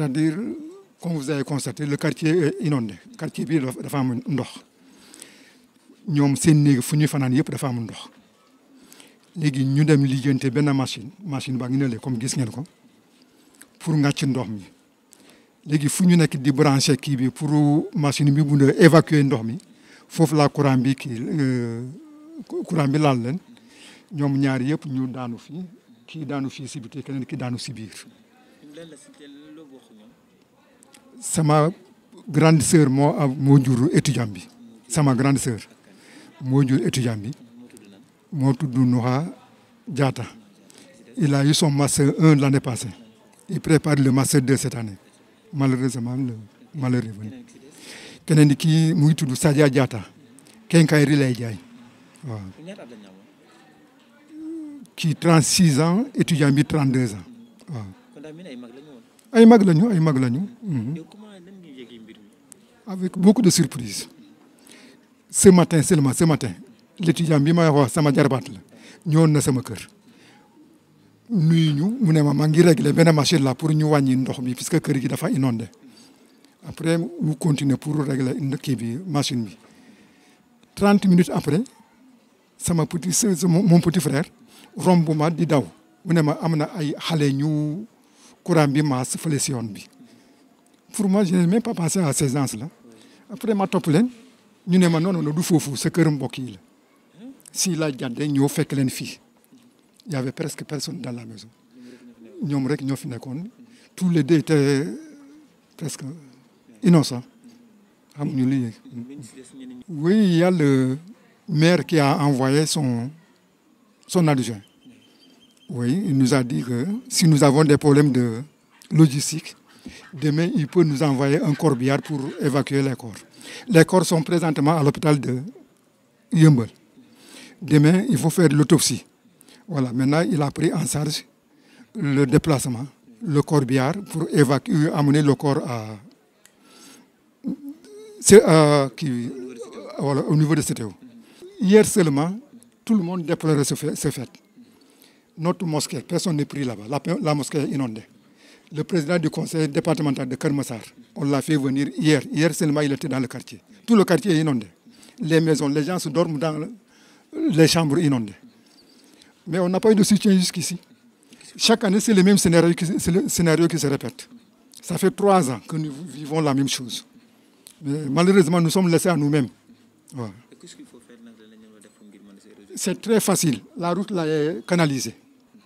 c'est-à-dire comme vous avez constaté le quartier est inondé quartier bi dafa am ndox ñoom seen néeg fu ñuy fanaan yëpp dafa am ndox léegi ñu dem lijjante benn machine machine baa ngi ne comme gis ngeen ko pour ngàcc ndox mi léegi fu ñu nekk di branché kii bi pour machine bi mun a évacuer ndox mi foofu la courant bi kii euh, courant bi laal leen ñoom ñaar yëpp ñu daanu fii kii daanu fii si keneen ki daanu si biir sama grande sœur moo moo jur étudiant bi sama grande sœur moo jur étudiant bi moo tudd Noha Diatta il a eu son master 1 l'année passée il prépare le master 2 cette le malheur est venu keneen kii mu ngi tudd Sadia Diatta Kenkayri lay jaay waaw kii 36 ans étudiant bi 32 ans ay mag lañu ay mag lañu. Mhm. avec beaucoup de surprise ce matin seulement ce matin l'étudiant bi ma wax sama jarbaat la ñëwoon na sama kër. nuyu ñu mu ne ma maa ngi réglé benn machine la pour ñu wàññi ndox bi puisque kër gi dafa inondé après mu continuer pour régler kii bi machine bi trente minutes après sama petit mon petit frère romb ma di daw mu ne ma am ay xale ñu. courant bi maa sëfale si yoon bi pour moi je n'ai pas pensé à ces gens-là après ma topp ñu ne ma noonu la du foofu sa kër mbokk yi la si laa jàddee ñoo fekk leen fii y presque personne dans la maison ñoom rek ñoo fi nekkoon tous les deux étaient presque innocents xamuñu li oui il y a le maire qui a envoyé son son Oui, il nous a dit que si nous avons des problèmes de logistique, demain, il peut nous envoyer un corbillard pour évacuer les corps. Les corps sont présentement à l'hôpital de Yeumbeul. Demain, il faut faire l'autopsie. Voilà, maintenant, il a pris en charge le déplacement, le corbillard pour évacuer, euh, amener le corps à c'est euh, qui voilà, au niveau de CTO. Hier seulement, tout le monde déplorait ce fait. Ce fait. notre mosquée, personne n'est pris là-bas. La, la, mosquée est inondée. Le président du conseil départemental de Kermassar, on l'a fait venir hier. Hier seulement, il était dans le quartier. Tout le quartier est inondé. Les maisons, les gens se dorment dans les chambres inondées. Mais on n'a pas eu de soutien jusqu'ici. Chaque année, c'est le même scénario qui, se répète. Ça fait trois ans que nous vivons la même chose. Mais malheureusement, nous sommes laissés à nous-mêmes. c'est très facile. La route là est canalisée.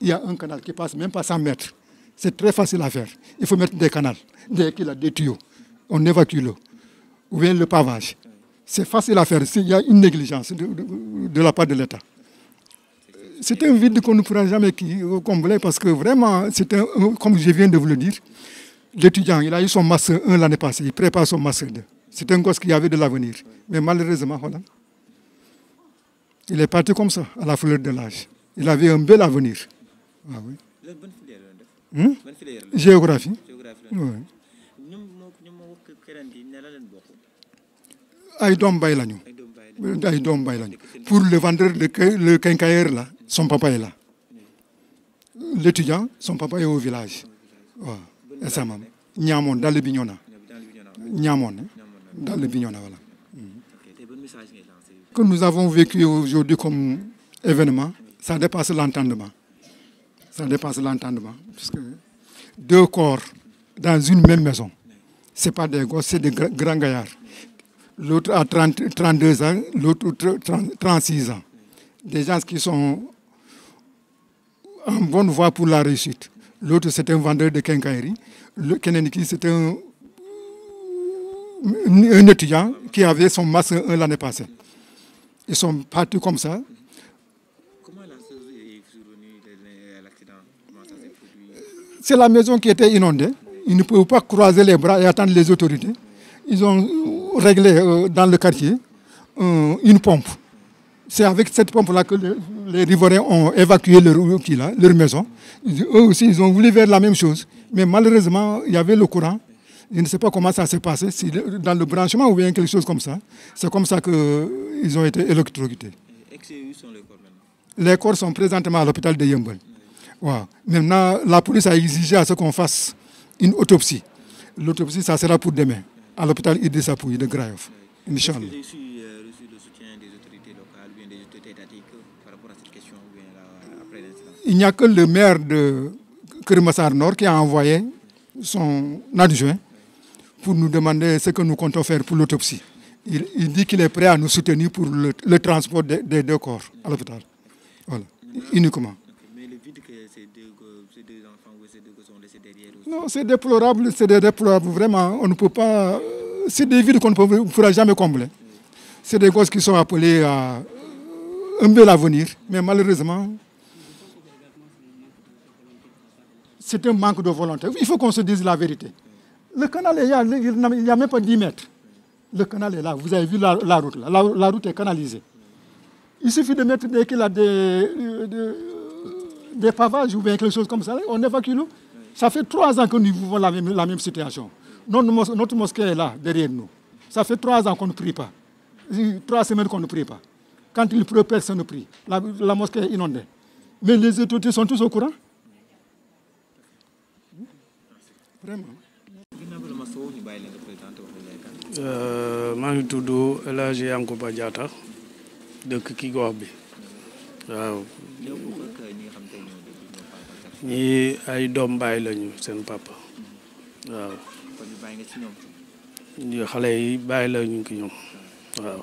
Il y a un canal qui passe même pas 100 mètres. C'est très facile à faire. Il faut mettre des canaux, des, des tuyaux. On évacue l'eau. Ou bien le pavage. C'est facile à faire s'il une négligence de, de, de la part de l'État. C'est un vide qu'on ne pourra jamais euh, combler parce que vraiment, c'est comme je viens de vous le dire, l'étudiant, il a eu son master 1 l'année passée, il prépare son master de l'avenir. il est parti comme ça à la fleur de l'âge il avait un bel avenir waaw. Ah hmm? géographie. ay doom bay lañu. ay doom bay lañu pour le vendeur le le quincailleur là son papa est là l' étudiant son papa est au village waaw et sa maman ñaamoon dàll bi ñoo na ñaamoon dàll bi ñoo na que nous avons vécu aujourd'hui comme événement, ça dépasse l'entendement. Ça dépasse l'entendement. Puisque deux corps dans une même maison, ce n'est pas des gosses, c'est des grands gaillards. L'autre a 30, 32 ans, l'autre 36 ans. Des gens qui sont en bonne voie pour la réussite. L'autre, c'est un vendeur de quincaillerie. Le Keneniki, c'est un, un étudiant qui avait son master l'année passée. Ils sont partis comme ça. Comment est C'est la maison qui était inondée. Ils ne pouvaient pas croiser les bras et attendre les autorités. Ils ont euh, réglé euh, dans le quartier euh, une pompe. C'est avec cette pompe-là que les, les riverains ont évacué leur kii là, leur maison. Eux aussi, ils ont voulu faire la même chose. Mais malheureusement, il y avait le courant. je ne sais pas comment ça s'est passé, si dans le branchement ou bien quelque chose comme ça. C'est comme ça qu'ils euh, ont été électrocutés. Et les corps sont présentement à l'hôpital de Yembol. Oui. la police a exigé à ce qu'on fasse une autopsie. L'autopsie, ça sera pour demain, à l'hôpital Idrissa Pouy de Grayoff. Oui. Inch'Allah. Est-ce que euh, reçu, le soutien euh, Il n'y a que le maire de Kermassar Nord qui a envoyé son adjoint pour nous demander ce que nous comptons faire pour l'autopsie. Il, dit qu'il est prêt à nous soutenir pour le, le transport des, des, deux corps à l'hôpital. Voilà, uniquement. Mais le vide que ces deux, ces deux enfants ou ces deux sont laissés derrière aussi. Non, c'est déplorable, c'est déplorable, vraiment. On ne peut pas. Euh, c'est des vides qu'on ne pourra jamais combler. C'est des gosses qui sont appelés à euh, un bel avenir, mais malheureusement. C'est un manque de volonté. Il faut qu'on se dise la vérité. Le canal est là, il n'y a même vous avez vu la, la route, La, la, route est canalisée. Il suffit de mettre des, là, des, euh, euh, des, pavages ou bien quelque chose comme ça, on évacue l'eau. Ça fait trois ans que nous vivons la même, la même situation. Notre, mos notre mosquée est là, derrière nous. Ça fait trois ans qu'on prie pas. Euh, trois semaines qu'on prie pas. Quand il pleut, personne prie. La, la mosquée est inondée. Mais les autorités sont tous au courant. foofu ñu bàyyi leen représenté wax euh, maa ngi tudd El Hadj Yankuba Diatta dëkk ki gox bi waaw. ñii ay doom baay lañu seen papa waaw. ñi xale yi bàyyi lañu ki ñoom waaw.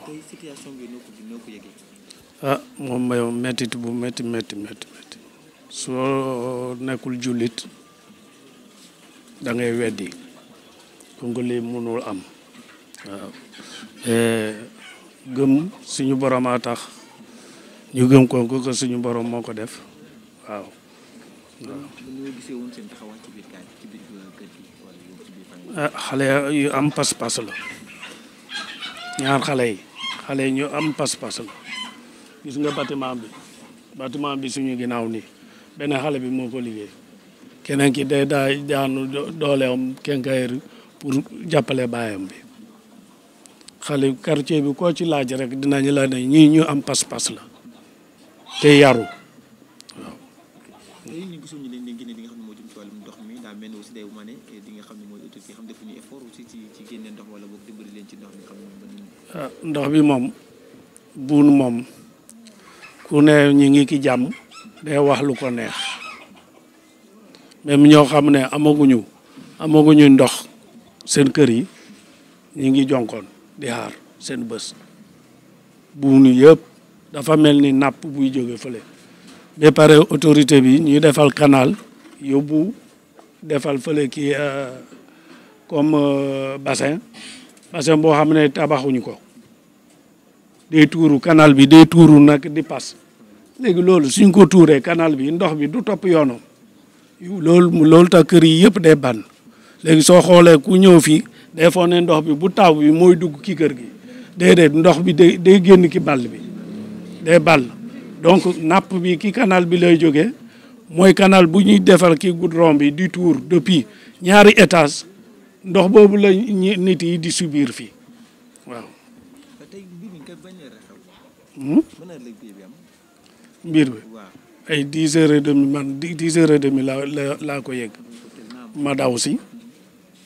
ah moom mooy mettit bu métti métti métti métti soo nekkul jullit da weddi. Congolais yi mënul am waaw eh, gëm suñu borom tax ñu gëm ko que suñu borom moo ko def waaw. ah xale yu am pas-pas la ñaar xale yi xale yi ñu am pas-pas la gis nga bâtiment bi bâtiment bi suñu ginnaaw nii benn xale bi moo ko liggéey keneen ki day daa daanu dooleem kenkaayri pour jàppale baayam bi xale quartier bi ko ci laaj rek dinañu la ne ñii ñu am pas-pas la te yaru waaw. léegi ñu gisoon ñu dañ leen nga xam ne moo ndox mi daa mel ni eh, nga xam ne mooy autorité xam defuñu effort wala boog dimbali leen ci ndox ah, ndox bi moom buun moom ku ne ñu ngi ki jàmm day wax lu ko neex même ñoo xam ne amaguñu amaguñu ndox. seen kër yi ñu ngi jonkoon di xaar seen bës buum yëpp dafa mel ni napp buy jóge fële ba pare autorité bi ñuy defal canal yóbbu defal fële kii euh, comme euh, bassin bassin boo xam ne tabaxuñu ko day tuuru kanal bi day tuuru nag di pass léegi loolu suñ ko tuuree kanal bi ndox bi du topp yoonam loolu loolu tax kër yi yëpp day ban léegi soo xoolee ku ñëw fii day foog ndox bi bu taaw bi mooy dugg ki kër gi déedéet ndox bi day day génn ki ball bi day ball donc napp bi ki kanal bi lay jógee mooy kanal bu ñuy defar ki goudron bi di tour depuis ñaari étage ndox boobu la nit yi di subiir fii waaw. mbir hmm? bi ay dix heures et demi man dix heures et demi laa la ko yegg ma daw si.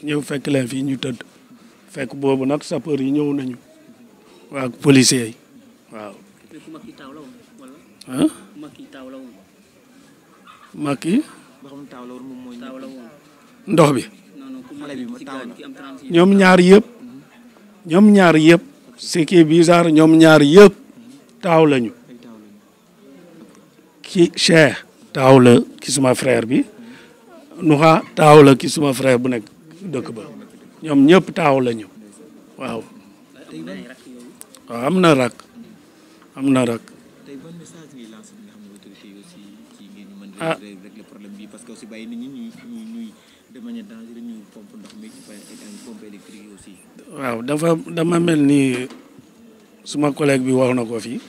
ñëw fekk leen fii ñu tëdd boobu nag sapeur yi ñëw nañu waa policier yi waaw. ah. Macky. ñoom ñaar yëpp. ñoom ñaar yëpp. ce qui est ñoom ñaar yëpp taaw lañu. ki Cheikh. taaw la ki suma frère bi. Nuxa taaw la ki suma frère bu nekk. dëkk ba ñoom ñëpp taaw lañu waaw waaw am na rak am na rak ah waaw dafa dama mel ni suma collègue bi wax na ko fii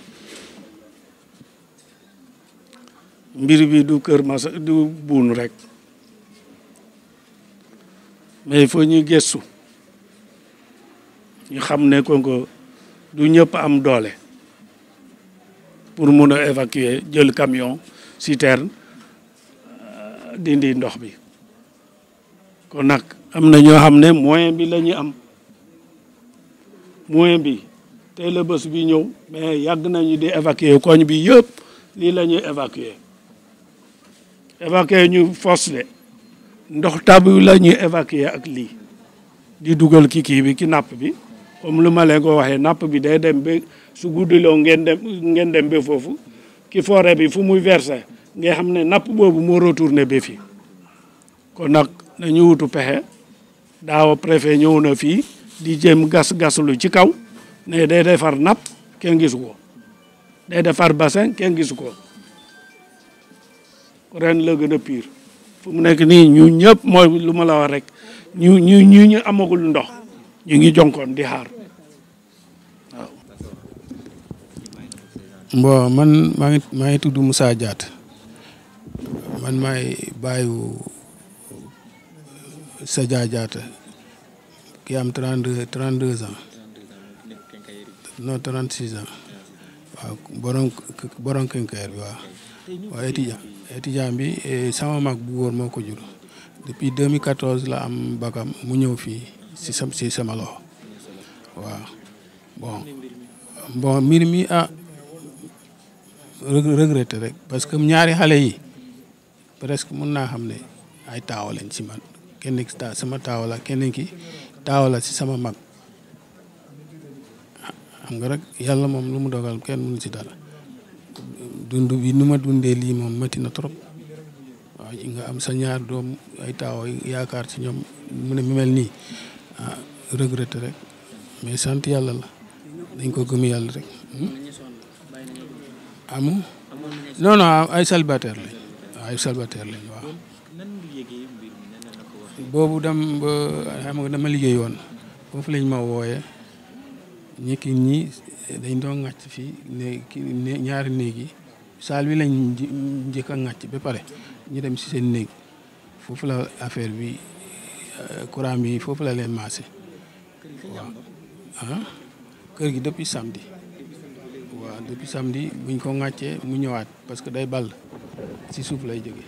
mbir bi du kër Massa du buun rek mais il faut ñu gëstu ñu xam ne Congo du ñëpp am doole pour mun a évacuer jël camion citerne euh, dindi ndox bi kon nag am na ñoo xam ne moyen bi la am moyen bi tey la bés bi ñëw mais yàgg nañu di évacuer koñ bi yëpp lii la ñuy évacuer ñu force de ndox taabu la ñuy évacuer ak lii di dugal ki kii bi ki napp bi comme lu ma leen ko waxee napp bi day dem ba su guddiloo ngeen dem ngeen dem ba foofu ki foore bi fu muy verser nga xam ne napp boobu moo ne be fi kon nag nañu wutu pexe daaw préfet ñëw na fii di jëm gas gaslu ci kaw ne day defar napp kenn gisu ko day defar bassin kenn gisu ko ren la gën a piir fu mu nekk nii ñu ñëpp mooy lu ma la wax rek ñu ñu ñu ñu ndox ñu ngi jonkoon di xaar waaw. man maa ngi maa ngi tudd Moussa Diatta man maay bàyyiwu Sadia Diatta ki am trente deux trente deux ans non trente six ans borom borom Quincaillerie waaw étudiant étudiant bi e, sama mag bu góor moo ko jur depuis 2014 la am bakam mu ñëw fii si sam si sama loxo waaw bon bon mbir mi ah rek parce que ñaari xale yi presque mun naa xam ne ay taaw lañ si man kenn ki sama taaw kenn ki taawala la si sama mag ah, xam nga rek yàlla moom lu mu dogal kenn mënu si dara dund bi nu ma dundee lii moom métti na trop waaw nga am sa ñaar doom ay taaw yaakaar ci ñoom mu ne mu mel nii ah rek mais sant yàlla la dañ ko gëm yàlla rek hmm? amu non ay salbataire lañ ay salbataire lañ waaw boobu dama liggéey woon foofu lañ ma wooyee ñi ki ñi dañ doon ŋàcc fii ne ñaari néeg yi saal wi lañ njëkk a ŋàcc ba pare ñu dem si seen néeg foofu la affaire bi euh, courant bi foofu la leen maase waaw ah? kër gi depuis samedi waaw depuis samedi buñ ko ŋàccee mu ñëwaat parce que day ball si suuf lay jóge